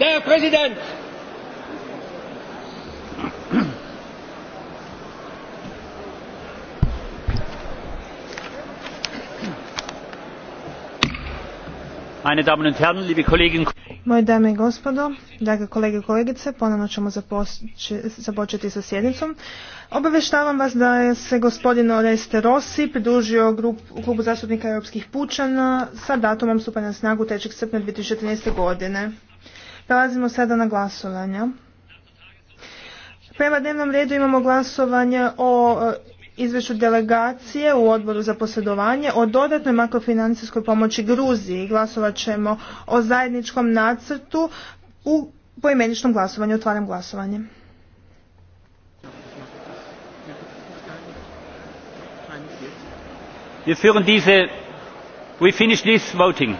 Der Präsident! Meine Damen und Herren, liebe Kolleginnen Moje dame i gospodo, drage kolege i kolegice, ponovno ćemo započeti sa sjednicom. Obavještavam vas da je se gospodin Oreste Rossi pridružio grup, klubu zastupnika europskih pučana sa datumom stupanja na snagu 3. srpnja 2013. godine. Prelazimo sada na glasovanja. Prema dnevnom redu imamo glasovanje o e, izvješću delegacije u odboru za posjedovanje o dodatnoj makrofinancijskoj pomoći Gruziji. Glasovat ćemo o zajedničkom nacrtu u poimeničnom glasovanju. Otvaram glasovanje. Wir führen diese, we finish this voting.